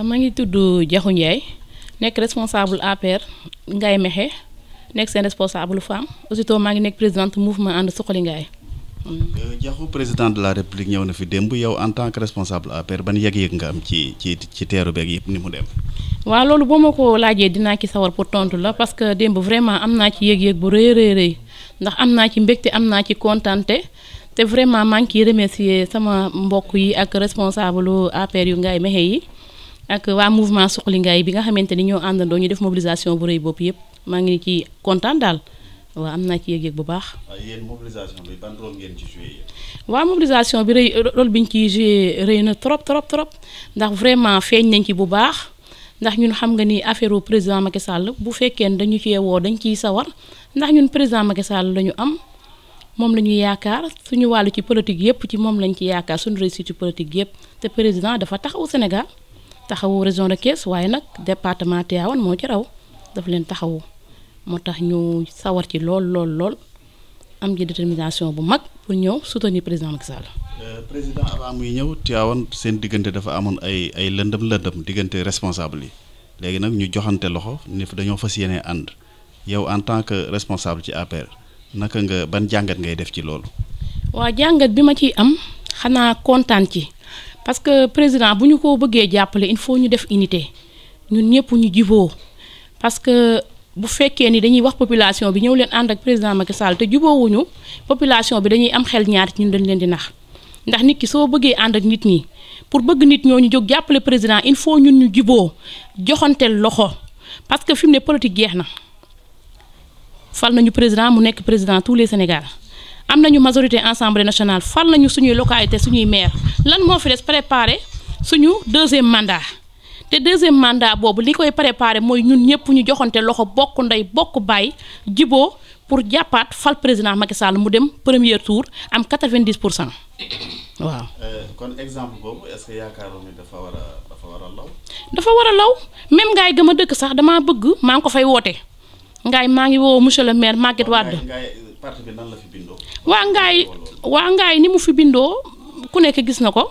Euh, maa ngi tudd jaxu Ndiaye nekk responsable APR ngay mexe nekk seen responsable femme aussitôt maa ngi nekk présidente mouvement ànd suqali Ngaye. Euh, Diakhou président de la république ñëw na fi démb yow en tant que responsable APR ban yëg-yëg nga am ci ci ci teeru beeg yëpp ni mu dem. waa loolu boo ma ko laajee dinaa ci sawar pour tontu la parce que démb vraiment am naa ci yëg-yëg bu rëy rëy rëy ndax am naa ci mbégte am naa ci kontante te vraiment maa ngi ciy sama mbokk yi ak responsable APR yu Ngaye Mekhe yi. ak waa mouvement Suxali bi nga xamante ni ñoo àndandoo ñu def mobilisation bu rëy bopp yëpp maa ngi ci kontaan daal waa am naa ci yëg-yëg bu baax. yéen mobilisation bi ban rôle bi rëy rôle bi ñu ciy joué rëy na trop trop trop ndax vraiment feeñ nañ ci bu baax. ndax ñun xam nga ni affaire u président Macky Sall bu fekkee ne dañu ci woo dañ ciy sawar ndax ñun président Macky Sall la am moom la ñu yaakaar suñu wàllu ci politique yëpp ci moom lañ ci yaakaar suñu réussite ci politique yëpp te président dafa taxaw Sénégal taxawu région de Thiès waaye nag département Tivaouane moo ci raw leen taxawu moo tax ñu sawar ci lool lool lool am ci détermination bu mag pour ñëw soutenir président Macky Sall. Euh, président avant muy ñëw Tivaouane seen diggante dafa amoon ay ay lëndëm lëndëm diggante responsable yi léegi nag ñu joxante loxo ne dañoo fas yéene ànd yow en tant que responsable ci APR naka nga ban jàngat ngay def ci loolu. waa jàngat bi ma ciy am xanaa kontaan ci. parce que président bu ñu ko bëggee jàppale il faut ñu def unité ñun ñëpp ñu jiboo parce que bu fekkee ni dañuy wax population bi ñëw leen ànd ak président Macky Sall te juboowuñu population bi dañuy am xel ñaar ñun dañ leen di nax ndax nit ki soo bëggee ànd ak nit ñi pour bëgg nit ñoo ñu jog jàppale président il faut ñun ñu juboo joxanteel loxo parce que fi mu ne politique geex na fal nañu président mu nekk président tous les Sénégal am nañu majorité assemblée nationale fal nañu suñuy localité suñuy maire lan moo fi des préparer suñu deuxième mandat te deuxième mandat boobu li koy préparer mooy ñun ñëpp ñu joxante loxo bokk ndey bokk bàyyi jiboo pour jàppaat fal président Macky Sall mu dem première tour am 90 pour cent waaw. Euh, kon exemple boobu dafa war a law. dafa war ngaay gëm a dëkk sax damaa bëgg maa ngi ko fay woote ngaay maa ngi woo monsieur le maire Maguette Wade. parti bi waa ngaay waa ngaay ni mu fi bindoo ku nekk gis na ko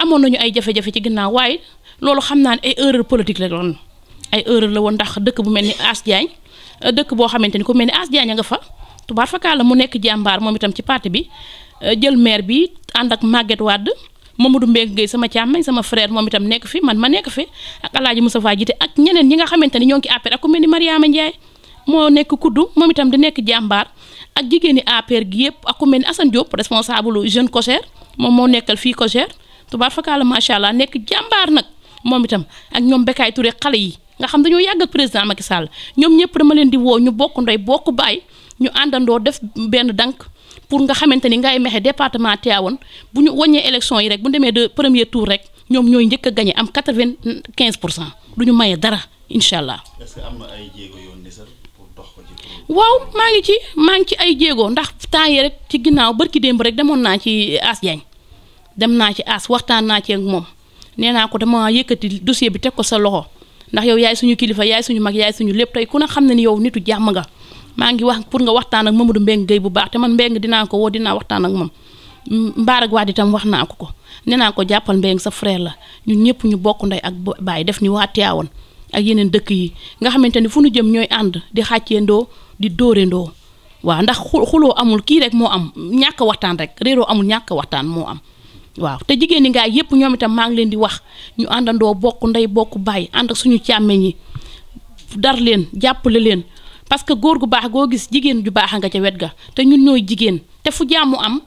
amoon nañu ay jafe-jafe ci ginnaaw waaye loolu xam naa ne ay erreur politique la doon ay erreur la woon ndax dëkk bu mel ni As Diagne euh, dëkk boo xamante ni ku mel ni As a nga fa tubaar fakkaar la mu nekk jàmbaar moom itam ci parti bi euh, jël maire bi ànd ak Maguette Wade du Mbengue Gueye sama càmmañ sama frère moom itam nekk fi man ma nekk fi ak El Hadj Moussa jiite ak ñeneen ñi nga xamante ni ñoo ngi ci APR ak ku mel ni Mariama Ndiaye moo nekk kuddu moom itam di nekk jàmbaar ak jigéeni APR gi yëpp ak ku mel ni Assane Diop responsable jeune COJER moom moo nekkal fii COJER tubaar fakkaala macha allah nekk jàmbaar nag moom itam ak ñoom Bekaay Touré xale yi nga xam dañoo yàgg ak président Macky Sall ñoom ñëpp dama leen di woo ñu bokk ndoy bokk baay ñu àndandoo def benn dank pour nga xamante ni ngay mexe département Tivaouane bu ñu wàññee élection yi rek bu ñu demee de premier tour rek ñoom ñooy njëkk a am quatre-vingt-quinze pour cent du ñu maye dara incha allah. est waaw maa ngi ci maa ngi ci ay jéego ndax temps yi rek ci ginnaaw barki démb rek demoon naa ci As Diagne dem naa ci As waxtaan naa ci ak moom nee naa ko dama yëkkati dossier bi teg ko sa loxo ndax yow yaay suñu kilifa yaay suñu mag yaay suñu lépp tey ku ne xam ne ni yow nitu jàmm nga maa ngi wax pour nga waxtaan ak Mamadou Mbengue Gueye bu baax te dinaa ko woo dinaa waxtaan ak moom Mbaarak Wade itam wax naa ko ko nee naa ko jàppal Mbengue sa frère la ñun ñëpp ñu bokk ndey ak baay def ñu waa Tiwaawan ak yeneen dëkk yi nga xamante ni fu ñu jëm ñooy ànd di xàcceendoo di dóorandoo waaw ndax xuloo amul kii rek moo am ñàkk waxtaan rek réeroo amul ñàkk waxtaan moo am waaw te jigéen ñi ngaa yépp ñoom itam maa ngi leen di wax ñu àndandoo bokk nday bokk bàyyi ànd ak suñu càmmeñ ñi dar leen jàppale leen parce que góor gu baax goo gis jigéen ju baax nga ca wet ga te ñun ñooy jigéen te fu jàmmu am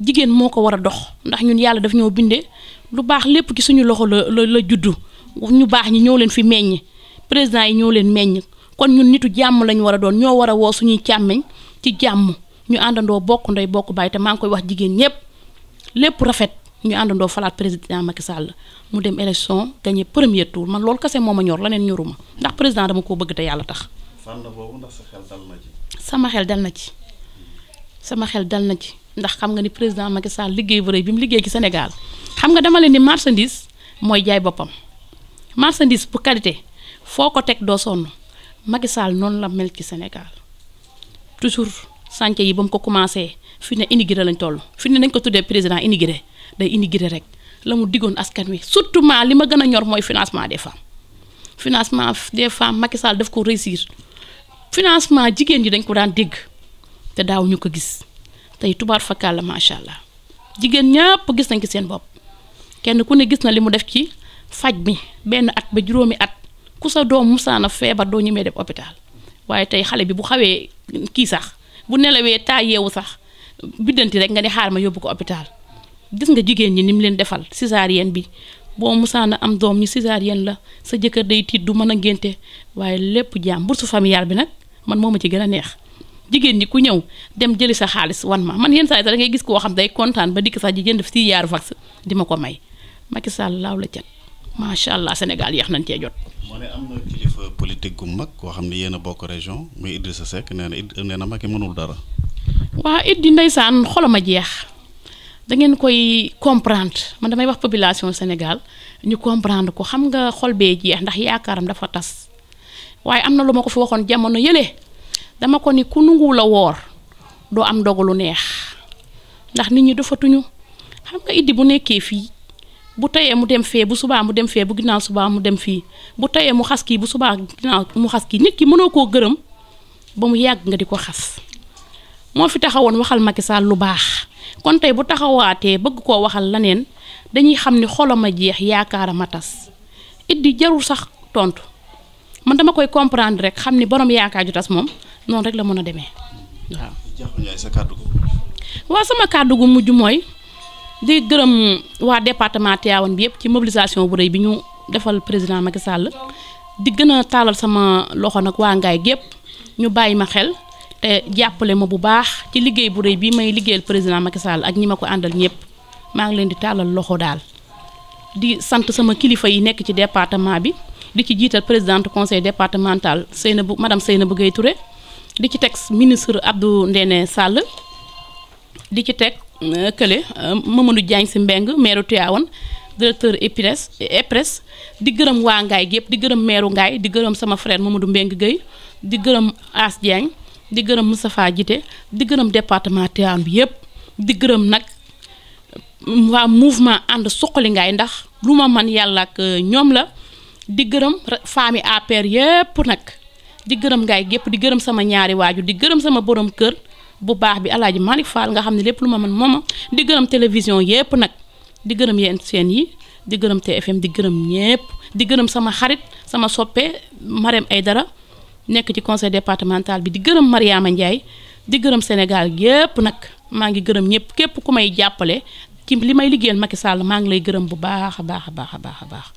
jigéen moo ko war a dox ndax ñun yàlla daf ñoo bindee lu baax lépp ci suñu loxo la la la juddu ñu baax ñi ñoo leen fi meññ président yi ñoo leen meññ kon ñun nitu jàmm lañ war a doon ñoo war a woo suñuy càmmiñ ci jàmm ñu àndandoo bokk ndey bokk bàyyi te maa ngi koy wax jigéen ñépp lépp rafet ñu àndandoo falaat président Macky Sall mu dem élection gagné premier tour man loolu kese moom ma ñor leneen ñoruma ndax président dama ko bëgg te yàlla tax. fànn boobu sama xel dal na ci sama xel dal na ci ndax xam nga ni président Macky Sall liggéey bu rëy bi mu liggéey ci Sénégal xam nga dama leen ni marchandise mooy jaay boppam marchandise bu qualité foo ko teg doo sonn. Macky Sall noonu la mel ci Sénégal toujours chantier yi ba mu ko commencé fii ne immigré lañ toll fi ne nañ ko tuddee président immigré day immigré rek la mu diggoon askan wi surtout ma li ma gën a ñor mooy financement des femmes financement des femmes Macky Sall daf ko réussir financement jigéen ñi dañ ko daan dégg te daaw ñu ko gis tey tubaar fakkaal la macha allah jigéen ñëpp gis nañ ci seen bopp kenn ku ne gis na li mu def ci faj bi benn at ba juróomi at ku sa doom musaana feebar doo ñemee def hôpital waaye tey xale bi bu xawee kii sax bu nelawee taayeewu sax biddanti rek nga ne xaar ma yóbbu ko hôpital gis nga jigéen ñi ni mu leen defal si césarienne bi boo musaana am doom ñu césarienne la sa jëkkër day tiit du mën a ngénte waaye lépp jaam bourse familiale bi nag man moo ma ci gën a neex jigéen ñi ku ñëw dem jëli sa xaalis wan ma man yenn saa yi sax gis koo xam day kontaan ba dikk sax ji jënd si yaaru vax di ma ko may Macky Sall laaw la cat macha allah Sénégal yeex nañ cee jot. moo ne am na gu mag koo xam ne yéen a bokk région muy Idrissa Seck nee na Idr nee na Macky mënul dara. waa Iddi ndeysaan xolam a jeex da ngeen koy comprendre man damay wax population Sénégal ñu comprendre ko xam nga xol bee jeex ndax yaakaaram dafa tas waaye am na lu ma ko fi waxoon jamono yële dama ko ni ku nungu woor doo am dogalu neex ndax nit ñi dafa tuñu xam nga Iddi bu nekkee fii. bu teyee mu dem fee bu subaa mu dem fee bu ginnaaw subaa mu dem fii bu tayee mu xas kii bu subaa mu xas kii nit ki mënoo koo gërëm ba mu yàgg nga di ko xas moo fi taxawoon waxal Macky Sall lu baax kon tey bu taxawaatee bëgg koo waxal leneen dañuy xam ni xolam a jeex yaakaar ma tas Idy jarul sax tontu man dama koy comprendre rek xam ni boroom yaakaar ju tas moom noonu rek la mën a demee waaw. sama kàddu gu mujj mooy. di gërëm waa département Tivaouane bi yëpp ci mobilisation bu rëy bi ñu defal président Macky Sall di gën a taalal sama loxo nag waa Ngaye gépp ñu bàyyi ma xel te jàppale ma bu baax ci liggéey bu rëy bi may liggéeyal président Macky Sall ak ñi ma ko àndal ñëpp maa ngi leen di tàllal loxo daal di sant sama kilifa yi nekk ci département bi di ci jiital présidente conseil départemental Seynabou madame Seynabou Gueye ture di ci teg ministre Abdou Ndéné Sall di ci teg kële Mamadou Diagne si Mbeng meeru wan directeur EPRES EPRES di gërëm waa Ngaye gépp di gërëm meeru Ngaye di gërëm sama frère Mamadou Mbeng Gueye di gërëm As Diagne di gërëm Moustapha Jité di gërëm département Tivaouane bi yëpp di gërëm nag waa mouvement ànd suqali ndax lu ma man yàlla ak ñoom la di gërëm famille APR yëpp nag di gërëm Ngaye gépp di gërëm sama ñaari waajur di gërëm sama borom kër bu baax bi alaaji Malick Fall nga xam ne lépp lu ma mën mooma di gërëm télévision yépp nag di gërëm yéen seen yi di gërëm TFM di gërëm ñépp di gërëm sama xarit sama soppe ay dara nekk ci conseil départemental bi di gërëm Mariama Ndiaye di gërëm Sénégal yépp nag maa ngi gërëm ñépp képp ku may jàppale ci li may liggéeyal Macky Sall maa ngi lay gërëm bu baax a baax a baax a baax a baax